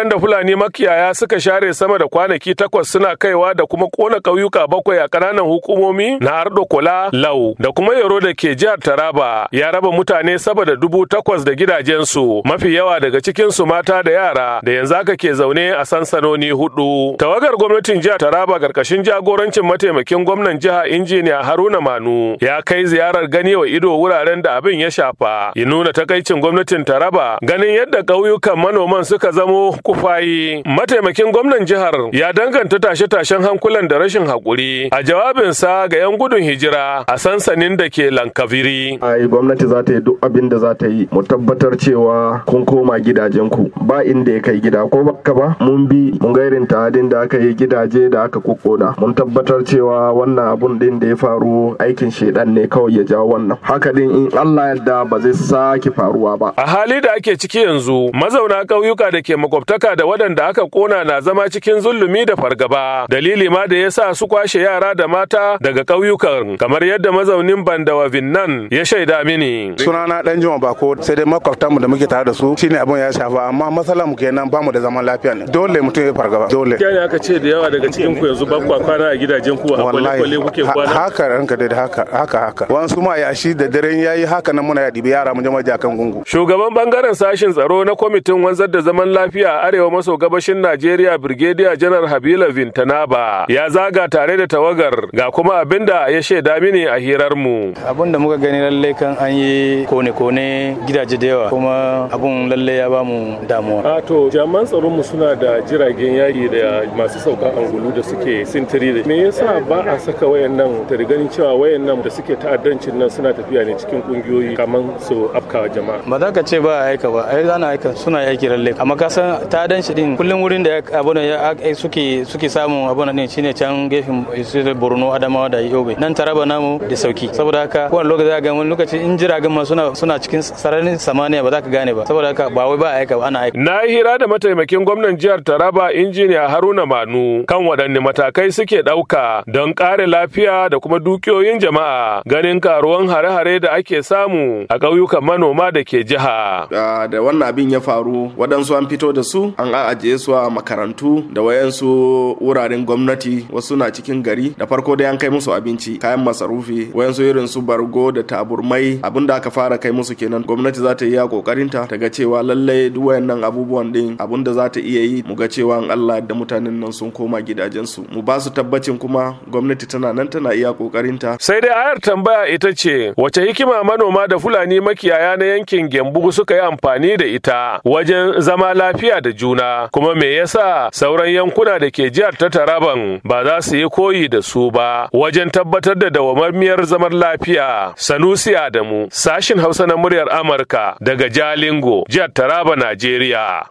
Har da Fulani makiyaya suka share sama da kwanaki takwas suna kaiwa da kuma kona ƙauyuka bakwai a ƙananan hukumomi na Ardo Kola Lau da kuma Yaro da ke jihar Taraba ya raba mutane sama da dubu takwas da gidajensu mafi yawa daga cikinsu mata da yara da yanzu aka ke zaune a sansanoni hudu. Tawagar gwamnatin jihar Taraba ƙarƙashin jagorancin mataimakin gwamnan jiha injiniya Haruna Manu ya kai ziyarar gani wa ido wuraren da abin ya shafa. Ya nuna takaicin gwamnatin Taraba ganin yadda ƙauyukan manoman suka zamo Kufayi, mataimakin gwamnan jihar, ya danganta tashe-tashen hankulan da rashin haƙuri a jawabinsa ga 'yan gudun hijira a sansanin da ke Lankaviri. Ai, gwamnati za ta yi duk abin da za ta yi, mu tabbatar cewa kun koma gidajenku ba inda ya kai gida ko baka ba mun bi mun ga irin da aka yi gidaje da aka kokkona mun tabbatar cewa wannan abun din da ya faru aikin shedan ne kawai ya jawo wannan haka din in Allah yarda ba zai sake faruwa ba. A hali da ake ciki yanzu mazauna ƙauyuka da ke makwabta haka da waɗanda aka ƙona na zama cikin zulumi da fargaba dalili ma da ya sa su kwashe yara da mata daga ƙauyukan kamar yadda mazaunin bandawa vinnan ya shaida mini. sunana dan jima bako sai dai makwabtanmu da muke tare da su shine abin ya shafa amma matsalar mu kenan ba mu da zaman lafiya ne dole mutum ya fargaba dole. kyani aka ce da yawa daga cikin ku yanzu ba kwana a gidajen ku a kwale-kwale kuke kwana. haka ranka da haka haka haka wasu ma ya shi da daren yayi haka nan muna ya dibi yara mu je maji gungu. shugaban bangaren sashin tsaro na kwamitin wanzar da zaman lafiya a arewa maso gabashin Najeriya Brigadier general Habila Vintanaba ya zaga tare da tawagar ga kuma abinda ya shaida mini a hirar mu. Abin da muka gani lalle kan an yi kone-kone gidaje da yawa kuma abun lalle ya bamu damuwa. A to jaman tsaron mu suna da jiragen yaki da masu sauka angulu da suke sintiri da me yasa ba a saka wayannan ta ganin cewa wayannan da suke ta'addancin nan suna tafiya ne cikin kungiyoyi kaman su afkawa jama'a. Ba za ka ce ba a aika ba, ai za na aika suna yaki lalle. amma ka san ta ta'adan shi din kullum wurin da abun suke suke samu abun din shine can gefen Borno Adamawa da Yobe nan Taraba namu da sauki saboda haka kowane lokaci ga wani lokaci in jiragen ma suna suna cikin sararin samaniya ba za ka gane ba saboda haka ba wai ba aika ba ana aika na hira da mataimakin gwamnan jihar Taraba injiniya Haruna Manu kan waɗanne matakai suke ɗauka don kare lafiya da kuma dukiyoyin jama'a ganin karuwan hare-hare da ake samu a ƙauyukan manoma da ke jiha da wannan abin ya faru wadansu an fito da su an ajiye su a makarantu da wayansu wuraren gwamnati wasu na cikin gari da farko da an kai musu abinci kayan masarufi wayansu irin su bargo da taburmai abin da aka fara kai musu kenan gwamnati za ta yi kokarinta ta ga cewa lallai duk wayannan abubuwan din abin da za ta iya yi mu ga cewa Allah da mutanen nan sun koma gidajensu mu ba su tabbacin kuma gwamnati tana nan tana iya kokarinta sai dai ayar tambaya ita ce wace hikima manoma da fulani makiyaya na yankin Gembu suka yi amfani da ita wajen zama lafiya da juna kuma me yasa sauran yankuna da ke jihar ta Taraban ba za su yi koyi da su ba wajen tabbatar da dawamammiyar zaman lafiya Sanusi Adamu sashin Hausa na muryar Amurka daga Jalingo jihar Taraba Najeriya